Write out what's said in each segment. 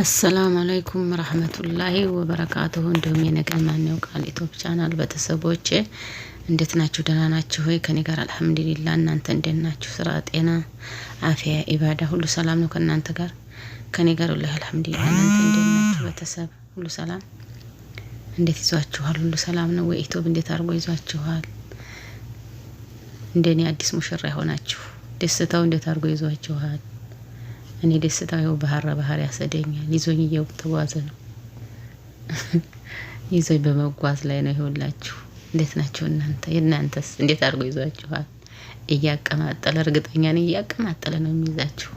አሰላሙ አለይኩም ረህመቱላሂ ወበረካቱሁ። እንዲሁም የነገን ማን ቃል ዩቲዩብ ቻናል ቤተሰቦቼ እንዴት ናችሁ? ደህና ናችሁ ሆይ? ከኔ ጋር አልሐምዱሊላ። እናንተ እንዴት ናችሁ? ስራ፣ ጤና፣ አፍያ፣ ኢባዳ ሁሉ ሰላም ነው ከእናንተ ጋር ከኔ ጋር ወላሂ አልሐምዱሊላ። እናንተ እንዴት ናችሁ? ቤተሰብ ሁሉ ሰላም እንዴት ይዟችኋል? ሁሉ ሰላም ነው ወይ? ዩቲዩብ እንዴት አድርጎ ይዟችኋል? እንደኔ አዲስ ሙሽራ የሆናችሁ ደስታው እንዴት አድርጎ ይዟችኋል? እኔ ደስታው ባህረ ባህር ያሰደኛል። ይዞኝ እየተጓዘ ነው። ይዞኝ በመጓዝ ላይ ነው። ይሁላችሁ። እንዴት ናቸው እናንተ? የእናንተስ እንዴት አድርጎ ይዟችኋል? እያቀማጠለ እርግጠኛ ነኝ እያቀማጠለ ነው የሚይዛችሁ።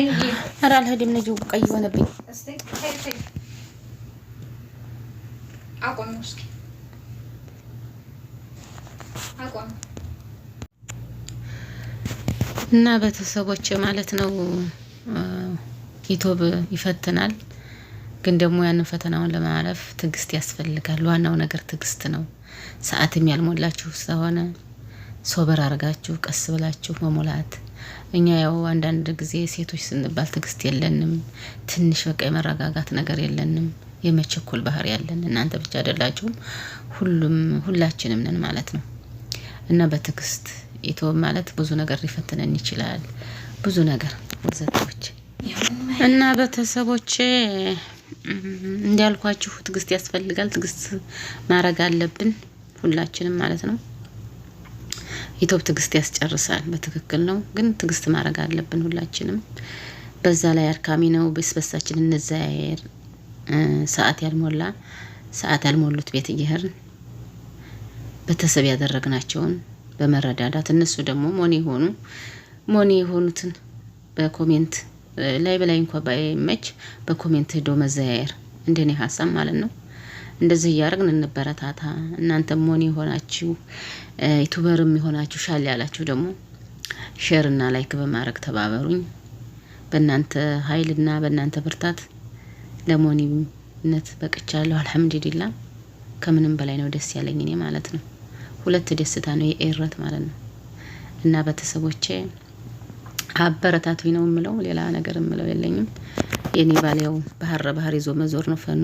ኧረ አልሄድም። ልጅው ቀይ ሆነብኝ። እና ቤተሰቦች ማለት ነው ዩቲዩብ ይፈትናል። ግን ደግሞ ያንን ፈተናውን ለማለፍ ትዕግስት ያስፈልጋል። ዋናው ነገር ትዕግስት ነው። ሰዓትም ያልሞላችሁ ስለሆነ ሶበር አድርጋችሁ ቀስ ብላችሁ መሙላት እኛ ያው አንዳንድ ጊዜ ሴቶች ስንባል ትግስት የለንም። ትንሽ በቃ የመረጋጋት ነገር የለንም። የመቸኮል ባህሪ ያለን እናንተ ብቻ አይደላችሁም፣ ሁሉም ሁላችንም ነን ማለት ነው። እና በትግስት ኢትዮ ማለት ብዙ ነገር ሊፈትነን ይችላል። ብዙ ነገር ዘቶች እና ቤተሰቦቼ እንዲያልኳችሁ ትግስት ያስፈልጋል። ትግስት ማድረግ አለብን ሁላችንም ማለት ነው። ኢትዮብ ትግስት ያስጨርሳል። በትክክል ነው፣ ግን ትግስት ማድረግ አለብን ሁላችንም። በዛ ላይ አድካሚ ነው። በስበሳችን እንዘያየር። ሰዓት ያልሞላ ሰዓት ያልሞሉት ቤት እየሄርን ቤተሰብ ያደረግናቸውን በመረዳዳት እነሱ ደግሞ ሞኔ የሆኑ ሞኔ የሆኑትን በኮሜንት ላይ በላይ እንኳ ባይመች በኮሜንት ሄዶ መዘያየር እንደኔ ሀሳብ ማለት ነው። እንደዚህ እያደረግን እንበረታታ። እናንተ ሞኒ የሆናችሁ ዩቱበርም የሆናችሁ ሻል ያላችሁ ደግሞ እና ላይክ በማድረግ ተባበሩኝ። በእናንተ ኃይልና በእናንተ ብርታት ለሞኒነት በቅቻለሁ። አልሐምዱሊላ ከምንም በላይ ነው ደስ ያለኝ እኔ ማለት ነው። ሁለት ደስታ ነው የኤረት ማለት ነው። እና ቤተሰቦቼ አበረታቱኝ ነው የምለው፣ ሌላ ነገር የምለው የለኝም። የኔ ባሊያው ባህረ ባህር ይዞ መዞር ነው ፈኑ።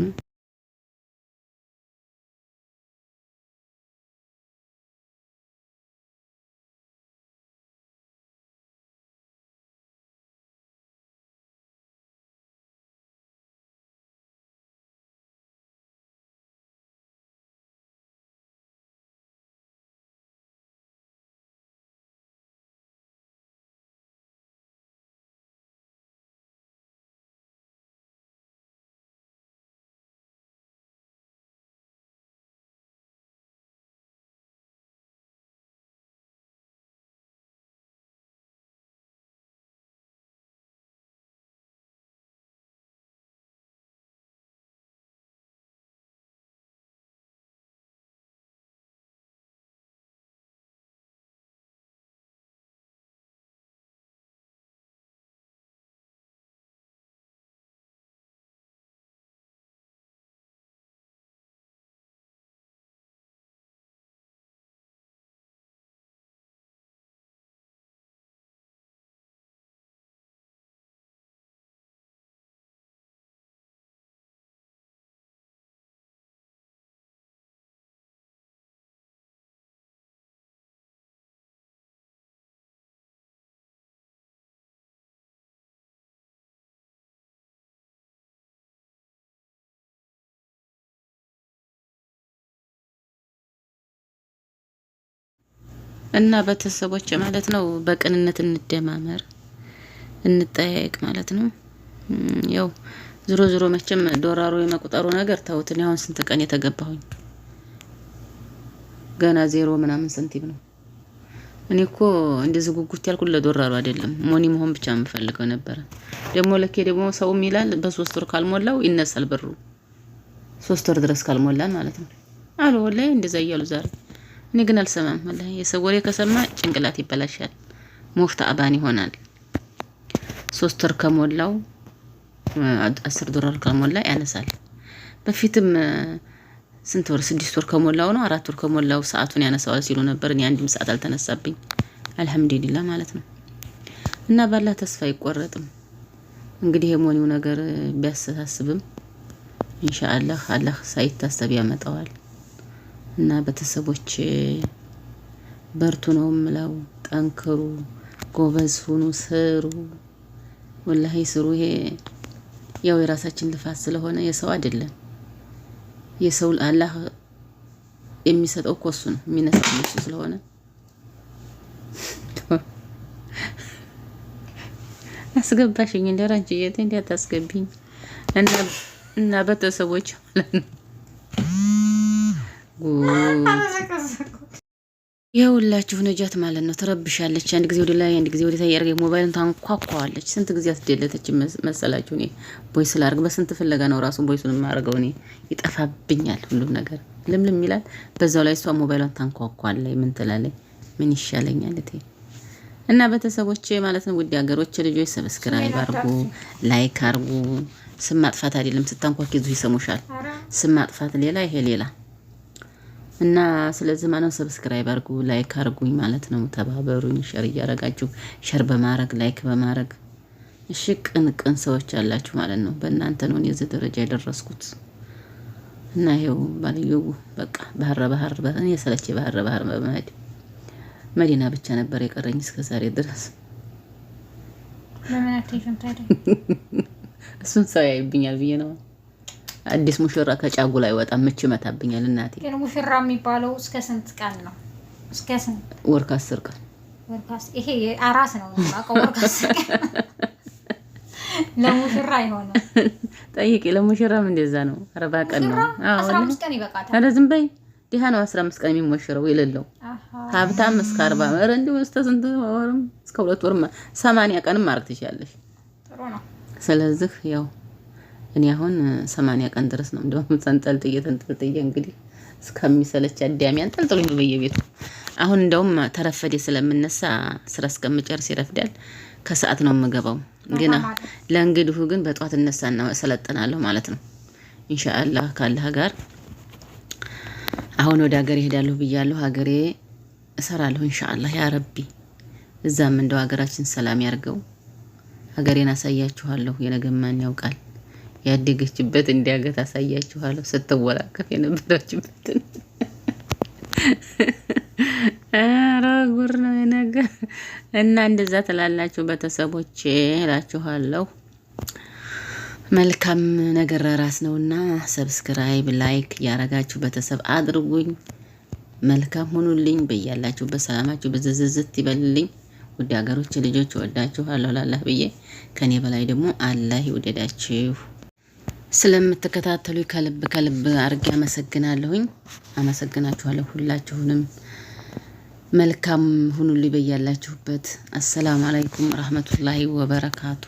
እና ቤተሰቦች ማለት ነው። በቅንነት እንደማመር እንጠያየቅ ማለት ነው። ያው ዝሮ ዝሮ መቼም ዶራሮ የመቁጠሩ ነገር ተውትን። አሁን ስንት ቀን የተገባሁኝ ገና ዜሮ ምናምን ሳንቲም ነው። እኔ እኮ እንደዚህ ጉጉት ያልኩት ለዶራሩ አይደለም፣ ሞኒ መሆን ብቻ የምፈልገው ነበረ። ደግሞ ለኬ ደግሞ ሰውም ይላል በሶስት ወር ካልሞላው ይነሳል ብሩ፣ ሶስት ወር ድረስ ካልሞላን ማለት ነው አሉ ወላሂ እንደዛ እያሉ ዛሬ እኔ ግን አልሰማም። ወላሂ የሰው ወሬ ከሰማ ጭንቅላት ይበላሻል፣ ሞፍታ አባን ይሆናል። ሶስት ወር ከሞላው አስር ዶላር ከሞላ ያነሳል። በፊትም ስንት ወር ስድስት ወር ከሞላው ነው አራት ወር ከሞላው ሰዓቱን ያነሳዋል ሲሉ ነበር። እኔ አንድም ሰዓት አልተነሳብኝ አልሐምዱሊላ ማለት ነው። እና ባላ ተስፋ አይቆረጥም። እንግዲህ የሞኒው ነገር ቢያስተሳስብም ኢንሻአላህ አላህ ሳይታሰብ ያመጣዋል። እና ቤተሰቦች በርቱ ነው የምለው። ጠንክሩ፣ ጎበዝ ሁኑ፣ ስሩ፣ ወላሂ ስሩ። ይሄ ያው የራሳችን ልፋት ስለሆነ የሰው አይደለም። የሰው አላህ የሚሰጠው እኮ እሱ ነው፣ የሚነሳው እሱ ስለሆነ አስገባሽኝ እንደ ራንቺ የት እንዲያታስገቢኝ እና እና ቤተሰቦች ማለት ነው የሁላችሁ ነጃት ማለት ነው። ትረብሻለች። አንድ ጊዜ ወደ ላይ፣ አንድ ጊዜ ወደ ታች ያርገ ሞባይልን ታንኳኳዋለች። ስንት ጊዜ አስደለተች መሰላችሁ? እኔ ቦይስ ላርግ በስንት ፍለጋ ነው ራሱ ቦይሱን የማደርገው እኔ። ይጠፋብኛል ሁሉም ነገር ልምልም ይላል። በዛው ላይ እሷ ሞባይሏን ታንኳኳለች። ምን ትላለች? ምን ይሻለኛል እቴ እና ቤተሰቦች ማለት ነው። ውድ ሀገሮች ልጆች ሰብስክራይብ አርጉ፣ ላይክ አርጉ። ስም ማጥፋት አይደለም ስታንኳኪዙ ይሰሙሻል። ስም ማጥፋት ሌላ፣ ይሄ ሌላ እና ስለዚህ ማነው ሰብስክራይብ አርጉ፣ ላይክ አርጉኝ ማለት ነው። ተባበሩኝ፣ ሸር እያረጋችሁ ሸር በማድረግ ላይክ በማድረግ እሺ። ቅን ቅን ሰዎች አላችሁ ማለት ነው። በእናንተ ነው የዚህ ደረጃ የደረስኩት። እና ይሄው ባልየው በቃ ባህረ ባህር በእኔ ሰለቼ ባህረ ባህር በመሄድ መዲና ብቻ ነበር የቀረኝ እስከ ዛሬ ድረስ። እሱን ሰው ያይብኛል ብዬ ነው አዲስ ሙሽራ ከጫጉ ላይ ወጣ ምች ይመታብኛል እናቴ። ግን ሙሽራ የሚባለው እስከ ስንት ቀን ነው? እስከ ስንት ወር? ከአስር ቀን ይሄ አራስ ነው። ወር ከአስር ቀን ለሙሽራ አይሆንም። ጠይቂ። ለሙሽራም እንደዛ ነው። አርባ ቀን ነው። አስራ አምስት ቀን ይበቃታል። ኧረ ዝም በይ። ዲሃ ነው አስራ አምስት ቀን የሚሞሽረው የሌለው ሀብታም እስከ አርባ ኧረ እንዲሁ እስከ ስንት ወርም እስከ ሁለት ወርም ሰማንያ ቀንም ማድረግ ትችላለሽ። ስለዚህ ያው እኔ አሁን ሰማንያ ቀን ድረስ ነው እንደውም ተንጠልጥዬ ተንጠልጥዬ እንግዲህ እስከሚሰለች አዳሚ አንጠልጥሎኝ በየቤቱ አሁን እንደውም ተረፈዴ ስለምነሳ ስራ እስከምጨርስ ይረፍዳል። ከሰዓት ነው የምገባው። ግን ለእንግዲሁ ግን በጧት እነሳና ሰለጥናለሁ ማለት ነው። ኢንሻአላህ ካለህ ጋር አሁን ወደ ሀገሬ እሄዳለሁ ብያለሁ። ሀገሬ እሰራለሁ ኢንሻአላህ ያ ረቢ። እዛም እንደው ሀገራችን ሰላም ያርገው። ሀገሬን አሳያችኋለሁ። የነገማን ያውቃል። ያደገችበት እንዲያገት አሳያችኋለሁ። ስትወላቀፍ የነበረችበትን ኧረ ጉር ነው የነገር እና እንደዛ ትላላችሁ ቤተሰቦቼ እላችኋለሁ። መልካም ነገር ራስ ነውና ሰብስክራይብ፣ ላይክ ያረጋችሁ ቤተሰብ አድርጉኝ። መልካም ሁኑልኝ። በያላችሁበት በሰላማችሁ ብዝዝዝት ይበልልኝ። ውድ ሀገሮች ልጆች ወዳችኋለሁ። ላላህ ብዬ ከኔ በላይ ደግሞ አላህ ይውደዳችሁ። ስለምትከታተሉ ከልብ ከልብ አድርጌ አመሰግናለሁኝ። አመሰግናችኋለሁ ሁላችሁንም። መልካም ሁኑልኝ በያላችሁበት። አሰላሙ አለይኩም ረህመቱላሂ ወበረካቱ።